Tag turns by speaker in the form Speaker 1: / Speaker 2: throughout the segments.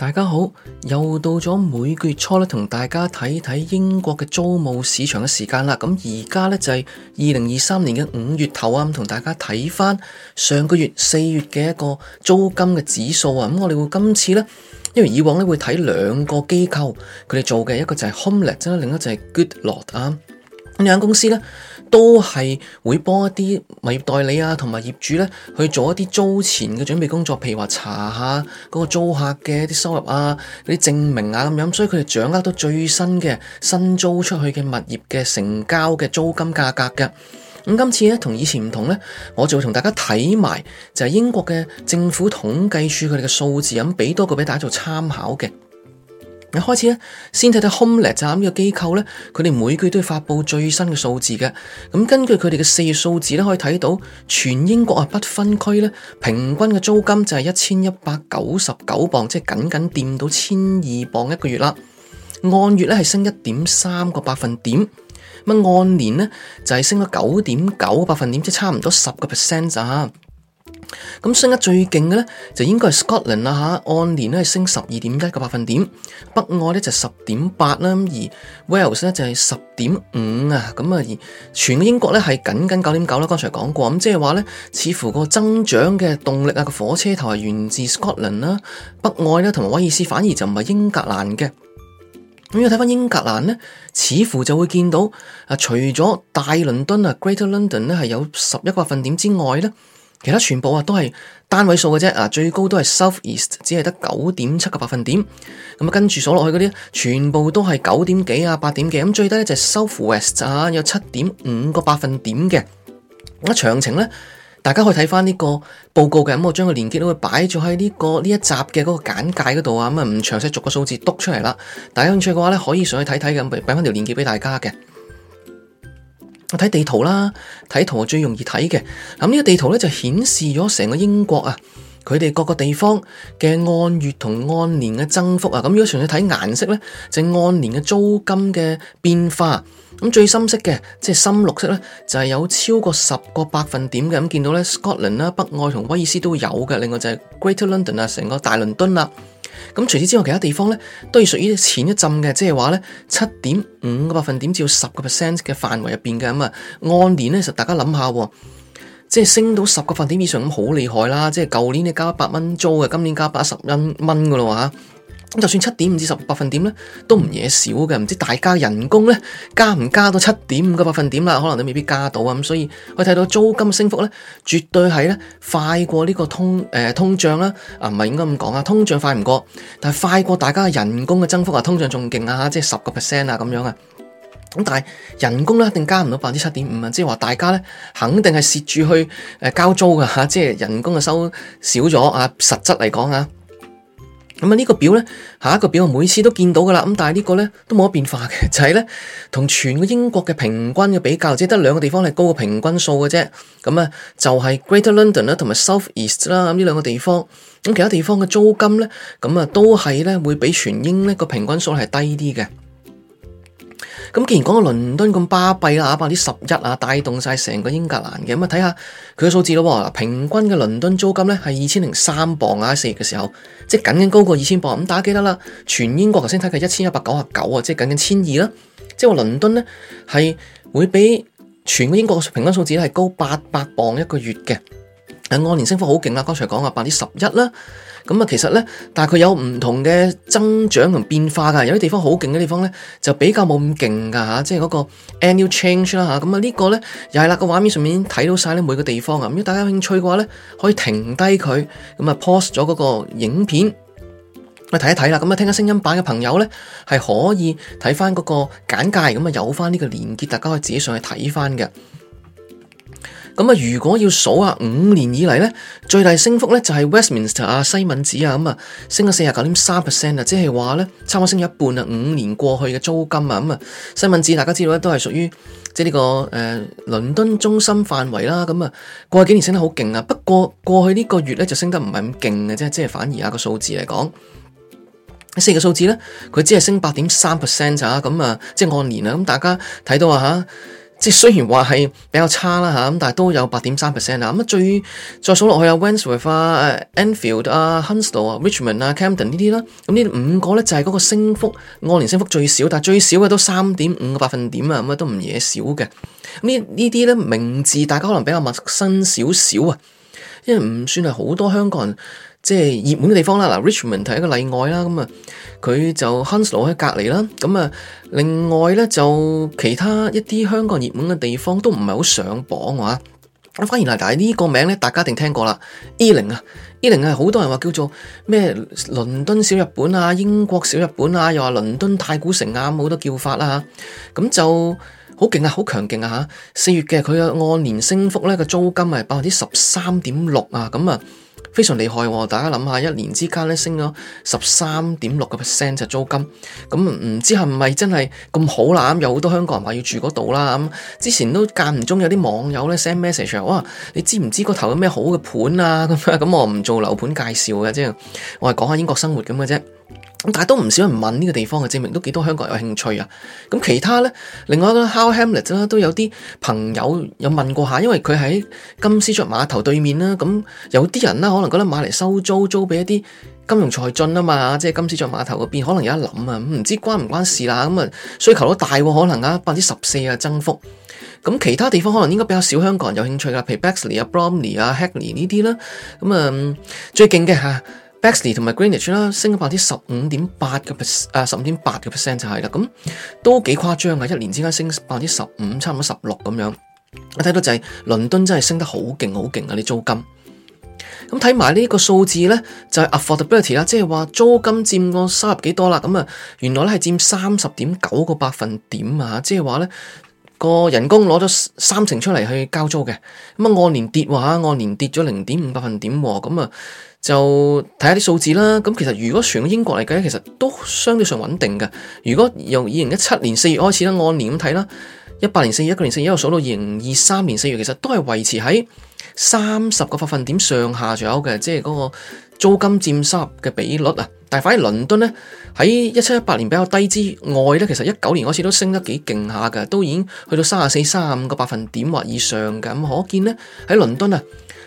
Speaker 1: 大家好，又到咗每個月初咧，同大家睇睇英國嘅租務市場嘅時間啦。咁而家咧就係二零二三年嘅五月頭啊，咁同大家睇返上個月四月嘅一個租金嘅指數啊。咁、嗯、我哋會今次咧，因為以往咧會睇兩個機構佢哋做嘅，一個就係 Homelet，即係另一隻 Good Lord 啊，呢間公司咧。都係會幫一啲物業代理啊，同埋業主咧去做一啲租前嘅準備工作，譬如話，查下嗰個租客嘅一啲收入啊、啲證明啊咁樣，所以佢哋掌握到最新嘅新租出去嘅物業嘅成交嘅租金價格嘅。咁今次咧同以前唔同咧，我就會同大家睇埋就係、是、英國嘅政府統計處佢哋嘅數字咁，俾多個俾大家做參考嘅。你開始咧，先睇睇 Homelet 就呢個機構咧，佢哋每個月都要發布最新嘅數字嘅。咁根據佢哋嘅四月數字咧，可以睇到全英國啊，不分區咧，平均嘅租金就係一千一百九十九磅，即係僅僅掂到千二磅一個月啦。按月咧係升一點三個百分點，咁按年咧就係升咗九點九百分點，即係差唔多十個 percent 咋。咁升得最勁嘅咧，就應該係 Scotland 啦吓，按、啊、年咧升十二點一個百分點，北愛咧就十點八啦，而 Wales 咧就係十點五啊，咁啊，而全英國咧係僅僅九點九啦。剛才講過，咁即係話咧，似乎個增長嘅動力啊，個火車頭係源自 Scotland 啦、北愛啦，同埋威爾斯，反而就唔係英格蘭嘅。咁要睇翻英格蘭咧，似乎就會見到啊，除咗大倫敦啊 （Greater London） 咧係有十一百分點之外咧。其他全部啊都係單位數嘅啫，啊最高都係 South East，只係得九點七個百分點。咁啊跟住鎖落去嗰啲，全部都係九點幾啊，八點幾。咁最低咧就 South West 啊，有七點五個百分點嘅。我詳情咧，大家可以睇翻呢個報告嘅，咁我將個連結都會擺咗喺呢個呢一集嘅嗰個簡介嗰度啊，咁啊唔詳細逐個數字督出嚟啦。大家有興趣嘅話咧，可以上去睇睇嘅，我擺翻條連結俾大家嘅。我睇地圖啦，睇圖係最容易睇嘅。咁、這、呢個地圖咧就顯示咗成個英國啊，佢哋各個地方嘅按月同按年嘅增幅啊。咁如果純粹睇顏色咧，就按、是、年嘅租金嘅變化。咁最深色嘅，即係深綠色咧，就係、是、有超過十個百分點嘅。咁見到咧 Scotland 啦、北愛同威爾斯都有嘅，另外就係 Greater London 啊，成個大倫敦啦。咁除此之外，其他地方咧都係屬於前一浸嘅，即係話咧七點五個百分點至到十個 percent 嘅範圍入邊嘅咁啊，按年咧，實大家諗下喎，即係升到十個百分點以上咁，好厲害啦！即係舊年你交一百蚊租嘅，今年交一百一十蚊蚊噶啦喎嚇。就算七點五至十百分點咧，都唔嘢少嘅。唔知大家人工咧加唔加到七點五個百分點啦？可能你未必加到啊。咁所以我睇到租金升幅咧，絕對係咧快過呢個通誒、呃、通脹啦。啊，唔係應該咁講啊，通脹快唔過，但係快過大家人工嘅增幅啊，通脹仲勁啊，即係十個 percent 啊咁樣啊。咁但係人工咧一定加唔到百分之七點五啊，即係話大家咧肯定係蝕住去誒交租嘅嚇，即係人工嘅收少咗啊，實質嚟講啊。咁呢個表咧，下一個表我每次都見到噶啦，咁但係呢個咧都冇乜變化嘅，就係咧同全個英國嘅平均嘅比較，即係得兩個地方係高過平均數嘅啫。咁啊，就係 Greater London 啦，同埋 South East 啦，咁呢兩個地方，咁其他地方嘅租金咧，咁啊都係咧會比全英呢個平均數係低啲嘅。咁既然講到倫敦咁巴閉啦，百分之十一啊，帶動晒成個英格蘭嘅，咁啊，睇下佢嘅數字咯。平均嘅倫敦租金咧係二千零三磅啊，四月嘅時候即係僅僅高過二千磅。咁大家記得啦，全英國頭先睇嘅一千一百九十九啊，即係僅僅千二啦。即係話倫敦咧係會比全個英國嘅平均數字咧係高八百磅一個月嘅，係按年升幅好勁啦。剛才講啊，百分之十一啦。咁啊，其實咧，但係佢有唔同嘅增長同變化㗎，有啲地方好勁嘅地方咧，就比較冇咁勁㗎嚇，即係嗰個 annual change 啦嚇。咁啊，啊這個、呢個咧又係啦，個畫面上面已經睇到晒咧每個地方啊。如果大家有興趣嘅話咧，可以停低佢，咁啊 pause 咗嗰個影片，咪睇一睇啦。咁、嗯、啊，聽下聲音版嘅朋友咧，係可以睇翻嗰個簡介，咁、嗯、啊有翻呢個連結，大家可以自己上去睇翻嘅。咁啊！如果要數下五年以嚟咧，最大升幅咧就係 Westminster 啊西敏寺啊咁啊，升咗四十九點三 percent 啊，即係話咧差唔多升咗一半啊。五年過去嘅租金啊，咁啊西敏寺大家知道咧都係屬於即係呢個誒倫敦中心範圍啦。咁啊過去幾年升得好勁啊，不過過去呢個月咧就升得唔係咁勁嘅啫，即係反而啊個數字嚟講，四個數字咧佢只係升八點三 percent 啊，咁啊即係按年啊。咁大家睇到啊吓。即係雖然話係比較差啦嚇，咁但係都有八點三 percent 啦。咁啊最再數落去啊，Windsor 啊、Enfield、嗯、啊、Hounslow 啊、Richmond 啊、Camden 呢啲啦。咁呢五個咧就係嗰個升幅按年升幅最少，但係最少嘅都三點五個百分點啊，咁啊、嗯、都唔嘢少嘅。嗯、呢呢啲咧名字大家可能比較陌生少少啊，因為唔算係好多香港人。即係熱門嘅地方啦，嗱，Richmond 係一個例外啦，咁啊，佢就 Hounslow 喺隔離啦，咁啊，另外咧就其他一啲香港熱門嘅地方都唔係好上榜啊。我咁反而嗱嗱呢個名咧，大家一定聽過啦，伊靈啊，伊靈啊，好多人話叫做咩？倫敦小日本啊，英國小日本啊，又話倫敦太古城啊，咁好多叫法啦嚇。咁就好勁啊，好強勁啊嚇。四月嘅佢嘅按年升幅咧，個租金係百分之十三點六啊，咁啊。非常厲害喎！大家諗下，一年之間咧升咗十三點六個 percent 就租金，咁、嗯、唔知係咪真係咁好啦、嗯？有好多香港人話要住嗰度啦咁。之前都間唔中有啲網友咧 send message 話：哇，你知唔知個頭有咩好嘅盤啊？咁樣咁、嗯、我唔做樓盤介紹嘅，即係我係講下英國生活咁嘅啫。但係都唔少人問呢個地方嘅，證明都幾多香港人有興趣啊！咁其他呢，另外一個 How Hamlet 都有啲朋友有問過下，因為佢喺金絲雀碼頭對面啦。咁有啲人啦，可能覺得買嚟收租，租俾一啲金融才俊啊嘛，即係金絲雀碼頭嗰邊可能有一林啊。咁唔知關唔關事啦？咁啊，需求都大過可能啊，百分之十四啊增幅。咁其他地方可能應該比較少香港人有興趣噶，譬如 Bexley 啊、Bromley 啊、Hackney 呢啲啦。咁啊、嗯，最勁嘅嚇。Bexley 同埋 Greenwich 啦，升咗百分之十五點八嘅 percent，啊十五點八嘅 percent 就係啦，咁都幾誇張啊！一年之間升百分之十五，差唔多十六咁樣。我睇到就係倫敦真係升得好勁，好勁啊！啲租金咁睇埋呢個數字咧，就係 Affordability 啦，即係話租金佔個三十幾多啦？咁啊，原來咧係佔三十點九個百分點啊！即係話咧，個人工攞咗三成出嚟去交租嘅。咁啊，按年跌喎，吓按年跌咗零點五百分點，咁啊。就睇下啲數字啦，咁其實如果全英國嚟計，其實都相對上穩定嘅。如果由二零一七年四月開始啦，按年咁睇啦，一八年四月、一九年四月一路數到二零二三年四月，其實都係維持喺三十個百分點上下左右嘅，即係嗰個租金佔收入嘅比率啊。但係反而倫敦呢，喺一七一八年比較低之外呢，其實一九年開始都升得幾勁下嘅，都已經去到三十四、三十五個百分點或以上嘅，咁，可見呢，喺倫敦啊。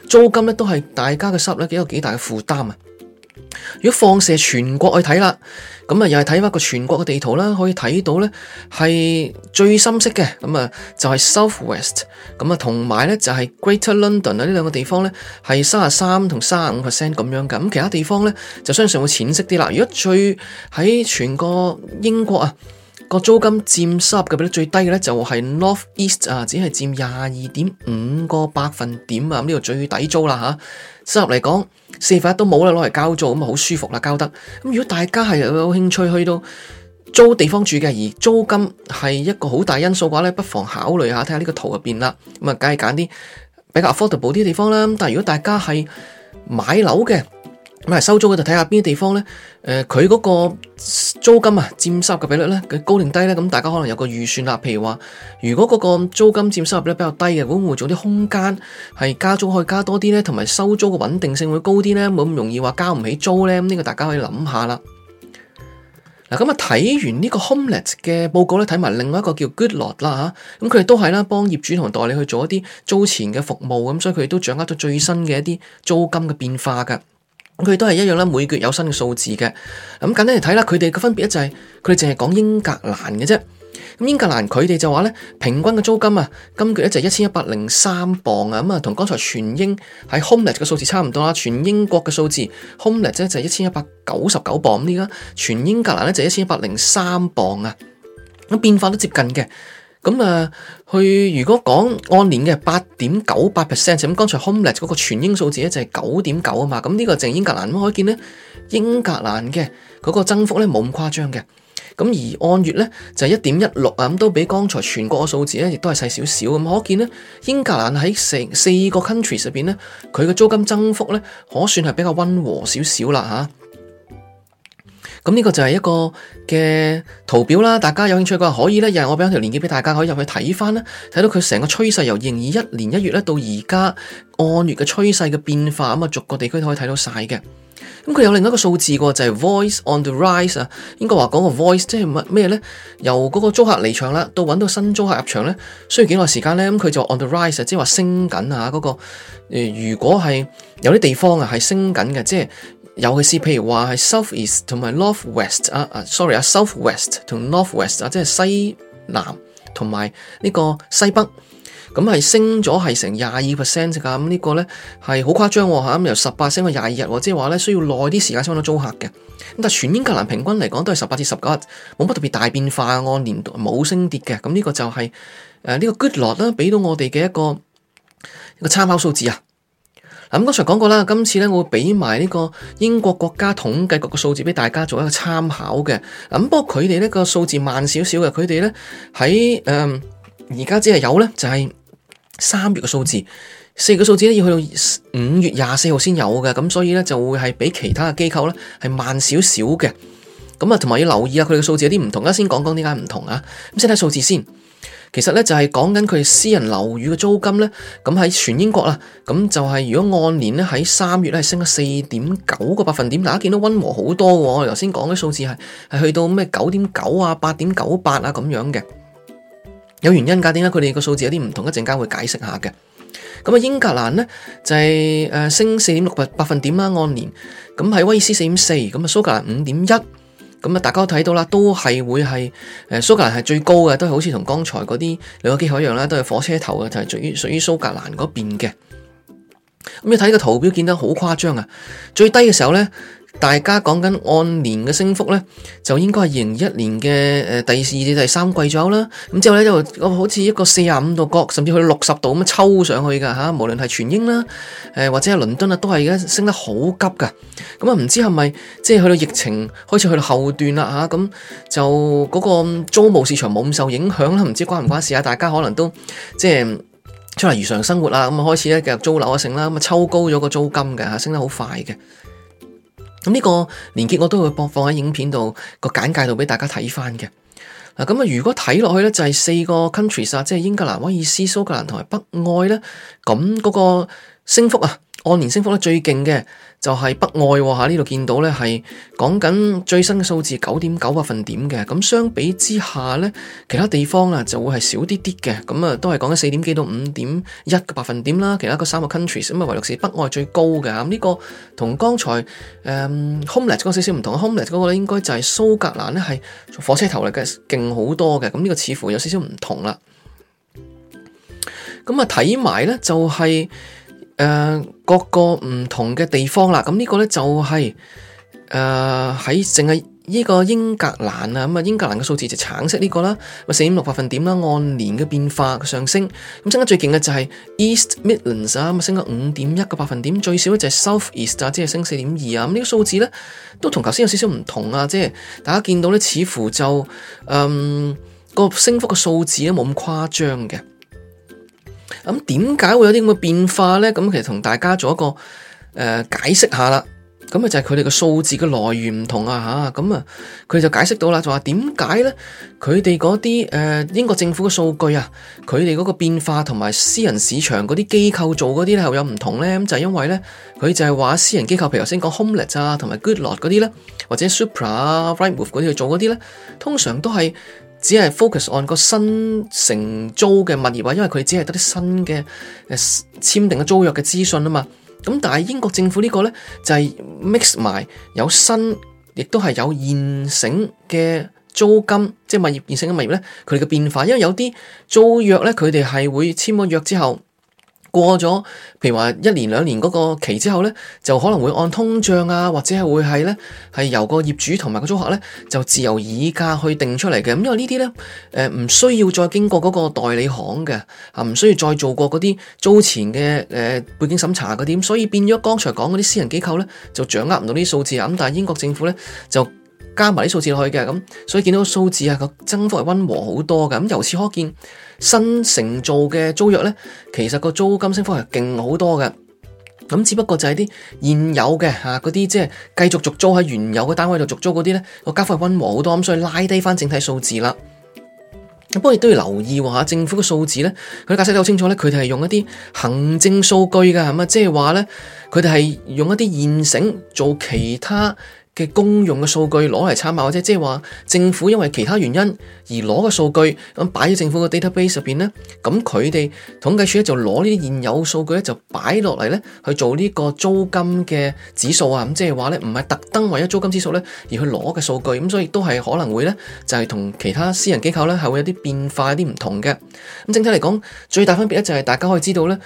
Speaker 1: 租金咧都係大家嘅收入咧，幾有幾大嘅負擔啊！如果放射全國去睇啦，咁啊又係睇返個全國嘅地圖啦，可以睇到咧係最深色嘅，咁啊就係 South West，咁啊同埋咧就係 Greater London 啊呢兩個地方咧係三十三同三十五 percent 咁樣噶，咁其他地方咧就相信會淺色啲啦。如果最喺全個英國啊～個租金佔收入嘅比率最低嘅咧，就係 North East 啊，只係占廿二點五個百分點、嗯、啊，咁呢個最抵租啦吓。收入嚟講，四份一都冇啦，攞嚟交租咁啊，好、嗯、舒服啦，交得。咁、嗯、如果大家係有興趣去到租地方住嘅，而租金係一個好大因素嘅話咧，不妨考慮下，睇下呢個圖入邊啦。咁、嗯、啊，梗係揀啲比較 affordable 啲地方啦。嗯、但係如果大家係買樓嘅，咁收租嘅就睇下邊啲地方呢？誒、呃，佢嗰個租金啊，佔收入嘅比率咧，高定低呢？咁大家可能有個預算啦。譬如話，如果嗰個租金佔收入咧比率，比較低嘅，會唔會做啲空間係加租可以加多啲呢？同埋收租嘅穩定性會高啲呢？冇咁容易話交唔起租呢？咁、這、呢個大家可以諗下啦。嗱，咁啊，睇完呢個 Homelet 嘅報告呢，睇埋另外一個叫 Goodlord 啦吓，咁佢哋都係啦，幫業主同代理去做一啲租前嘅服務，咁、啊、所以佢哋都掌握咗最新嘅一啲租金嘅變化噶。佢哋都係一樣啦，每個月有新嘅數字嘅。咁簡單嚟睇啦，佢哋嘅分別就係佢哋淨係講英格蘭嘅啫。咁英格蘭佢哋就話咧，平均嘅租金啊，今個月咧就一千一百零三磅啊。咁啊，同剛才全英喺 Homelet 嘅數字差唔多啦。全英國嘅數字 Homelet 咧就一千一百九十九磅。咁而家全英格蘭咧就一千一百零三磅啊。咁變化都接近嘅。咁啊，佢、嗯、如果講按年嘅八點九八 percent，咁剛才 HomeLet 嗰個全英數字咧就係九點九啊嘛。咁、這、呢個淨英格蘭，可以見咧，英格蘭嘅嗰個增幅咧冇咁誇張嘅。咁而按月咧就係一點一六啊，咁都比剛才全國嘅數字咧亦都係細少少咁，可見咧英格蘭喺成四個 country 入邊咧，佢嘅租金增幅咧可算係比較溫和少少啦嚇。咁呢個就係一個嘅圖表啦，大家有興趣嘅話可以咧，又係我俾一條鏈接俾大家，可以入去睇翻咧，睇到佢成個趨勢，由二零二一年一月咧到而家按月嘅趨勢嘅變化，咁、嗯、啊逐個地區都可以睇到晒嘅。咁、嗯、佢有另一個數字嘅就係、是、Voice on the Rise 啊，應該話講個 Voice 即係乜咩咧？由嗰個租客離場啦，到揾到新租客入場咧，需要幾耐時間咧？咁、嗯、佢就 On the Rise，即係話升緊啊！嗰、那個誒、呃，如果係有啲地方啊係升緊嘅，即係。尤其是譬如話係 south east 同埋 north west 啊、uh, 啊，sorry 啊 south west 同 north west 啊、uh,，即係西南同埋呢個西北，咁、嗯、係升咗係成廿二 percent 啊！咁呢個咧係好誇張嚇，咁由十八升到廿二日，即係話咧需要耐啲時間先揾到租客嘅。咁但係全英格蘭平均嚟講都係十八至十九日，冇乜特別大變化。按、啊、年度冇升跌嘅，咁、嗯、呢、這個就係誒呢個 Goodlord 啦，俾到我哋嘅一個一個參考數字啊！咁剛才講過啦，今次咧我會畀埋呢個英國國家統計局嘅數字俾大家做一個參考嘅。咁不過佢哋呢個數字慢少少嘅，佢哋咧喺誒而家只係有咧，就係三月嘅數字，四月嘅數字咧要去到五月廿四號先有嘅。咁所以咧就會係比其他嘅機構咧係慢少少嘅。咁啊，同埋要留意下佢哋嘅數字有啲唔同。而家先講講點解唔同啊。咁先睇數字先。其實咧就係講緊佢私人樓宇嘅租金咧，咁喺全英國啦，咁就係如果按年咧喺三月咧升咗四點九個百分點，大家見到温和好多喎。我哋頭先講嘅數字係係去到咩九點九啊、八點九八啊咁樣嘅，有原因噶，點解佢哋個數字有啲唔同？一陣間會解釋下嘅。咁啊，英格蘭咧就係、是、誒升四點六個百分點啦，按年。咁喺威斯四點四，咁啊蘇格蘭五點一。咁啊、嗯，大家都睇到啦，都係會係誒、呃、蘇格蘭係最高嘅，都係好似同剛才嗰啲兩個機構一樣啦，都係火車頭嘅，就係屬於屬於蘇格蘭嗰邊嘅。咁你睇個圖表，見得好誇張啊！最低嘅時候咧。大家講緊按年嘅升幅咧，就應該係二零二一年嘅誒第二至第三季左右啦。咁之後咧，就好似一個四十五度角，甚至去到六十度咁樣抽上去㗎嚇。無論係全英啦，誒或者係倫敦啊，都係而家升得好急㗎。咁啊，唔知係咪即係去到疫情開始去到後段啦嚇？咁、啊、就嗰個租務市場冇咁受影響啦。唔知關唔關事啊？大家可能都即係出嚟如常生活啦，咁啊開始咧繼續租樓啊成啦，咁啊抽高咗個租金嘅嚇，升得好快嘅。咁呢個連結我都會播放喺影片度、個簡介度畀大家睇翻嘅。咁啊，如果睇落去咧，就係、是、四個 countries 啊，即係英格蘭、威爾斯、蘇格蘭同埋北愛咧，咁嗰、那個升幅啊。按年升幅最勁嘅就係北愛吓，呢、啊、度見到呢係講緊最新嘅數字九點九百分點嘅。咁相比之下呢，其他地方啊就會係少啲啲嘅。咁、嗯、啊，都係講緊四點幾到五點一嘅百分點啦。其他嗰三個 countries 咁、嗯、啊，唯獨是北愛最高嘅吓。咁、嗯、呢、這個同剛才誒、嗯、HomeLet 嗰少少唔同 HomeLet 嗰個咧應該就係蘇格蘭呢係火車頭嚟嘅，勁好多嘅。咁、這、呢個似乎有少少唔同啦。咁、嗯、啊，睇埋呢就係、是。誒，uh, 各個唔同嘅地方啦，咁呢個咧就係誒喺淨係呢個英格蘭啊，咁、嗯、啊英格蘭嘅數字就橙色呢、這個啦，咪四點六百分點啦，按年嘅變化上升。咁升得最勁嘅就係 East Midlands 啊，咪升咗五點一個百分點，最少就係 South East 啊，即係升四點二啊，咁、嗯、呢、這個數字咧都同頭先有少少唔同啊，即係大家見到咧，似乎就嗯個升幅嘅數字咧冇咁誇張嘅。咁點解會有啲咁嘅變化咧？咁其實同大家做一個誒、呃、解釋下啦。咁、嗯、啊就係佢哋嘅數字嘅來源唔同啊吓。咁啊佢就解釋到啦，就話點解咧？佢哋嗰啲誒英國政府嘅數據啊，佢哋嗰個變化同埋私人市場嗰啲機構做嗰啲咧，係有唔同咧。咁、嗯、就係、因為咧，佢就係話私人機構，譬如頭先講 Homelet 啊，同埋 Goodlord 嗰啲咧，或者 Supra 啊、Rightmove 嗰啲去做嗰啲咧，通常都係。只係 focus on 個新承租嘅物業啊，因為佢只係得啲新嘅誒簽訂嘅租約嘅資訊啊嘛。咁但係英國政府個呢個咧就係、是、mix 埋有新，亦都係有現成嘅租金，即係物業現成嘅物業咧，佢哋嘅變化。因為有啲租約咧，佢哋係會簽咗約之後。過咗，譬如話一年兩年嗰個期之後咧，就可能會按通脹啊，或者係會係咧，係由個業主同埋個租客咧，就自由議價去定出嚟嘅。咁因為呢啲咧，誒、呃、唔需要再經過嗰個代理行嘅，啊唔需要再做過嗰啲租前嘅誒背景審查嗰啲，所以變咗剛才講嗰啲私人機構咧就掌握唔到啲數字啊。咁但係英國政府咧就。加埋啲數字落去嘅，咁，所以見到數字啊，個增幅係溫和好多嘅。咁由此可見，新承做嘅租約咧，其實個租金升幅係勁好多嘅。咁只不過就係啲現有嘅嚇嗰啲，即係繼續續租喺原有嘅單位度續租嗰啲咧，個加幅係溫和好多，咁所以拉低翻整體數字啦。咁不過亦都要留意喎嚇，政府嘅數字咧，佢解釋得好清楚咧，佢哋係用一啲行政數據嘅係咪？即係話咧，佢哋係用一啲現成做其他。嘅公用嘅數據攞嚟參考，啫，即係話政府因為其他原因而攞嘅數據咁擺喺政府嘅 database 入邊咧，咁佢哋統計處咧就攞呢啲現有數據咧就擺落嚟咧去做呢個租金嘅指數啊，咁即係話咧唔係特登為咗租金指數咧而去攞嘅數據，咁所以都係可能會咧就係同其他私人機構咧係會有啲變化、有啲唔同嘅。咁整體嚟講，最大分別咧就係大家可以知道咧。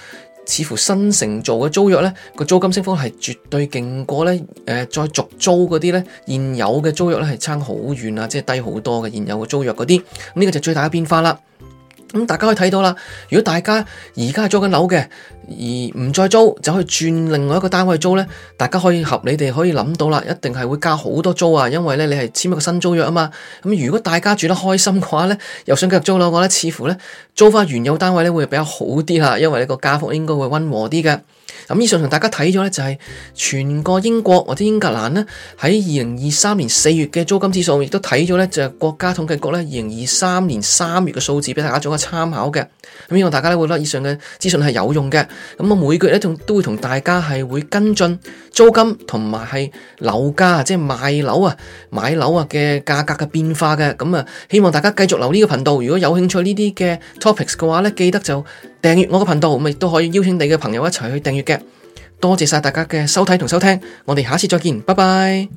Speaker 1: 似乎新承造嘅租約呢，個租金升幅係絕對勁過呢。誒、呃，再續租嗰啲呢，現有嘅租約呢係差好遠啊，即係低好多嘅現有嘅租約嗰啲，呢、這個就最大嘅變化啦。大家可以睇到啦，如果大家而家係租緊樓嘅，而唔再租，就去轉另外一個單位租呢，大家可以合理地可以諗到啦，一定係會加好多租啊，因為你係簽一個新租約啊嘛。咁如果大家住得開心嘅話呢，又想繼續租樓嘅話呢，似乎呢，租返原有單位呢會比較好啲啦，因為呢個加幅應該會溫和啲嘅。咁以上同大家睇咗呢，就係全個英國或者英格蘭呢，喺二零二三年四月嘅租金指數，亦都睇咗呢，就係國家統計局呢，二零二三年三月嘅數字，俾大家做一個參考嘅。咁希望大家都會覺得以上嘅資訊係有用嘅。咁我每個月呢仲都會同大家係會跟進租金同埋係樓價，即係賣樓啊、買樓啊嘅價格嘅變化嘅。咁啊，希望大家繼續留呢個頻道，如果有興趣呢啲嘅 topics 嘅話呢，記得就。訂閱我個頻道，我亦都可以邀請你嘅朋友一齊去訂閱嘅。多謝晒大家嘅收睇同收聽，我哋下次再見，拜拜。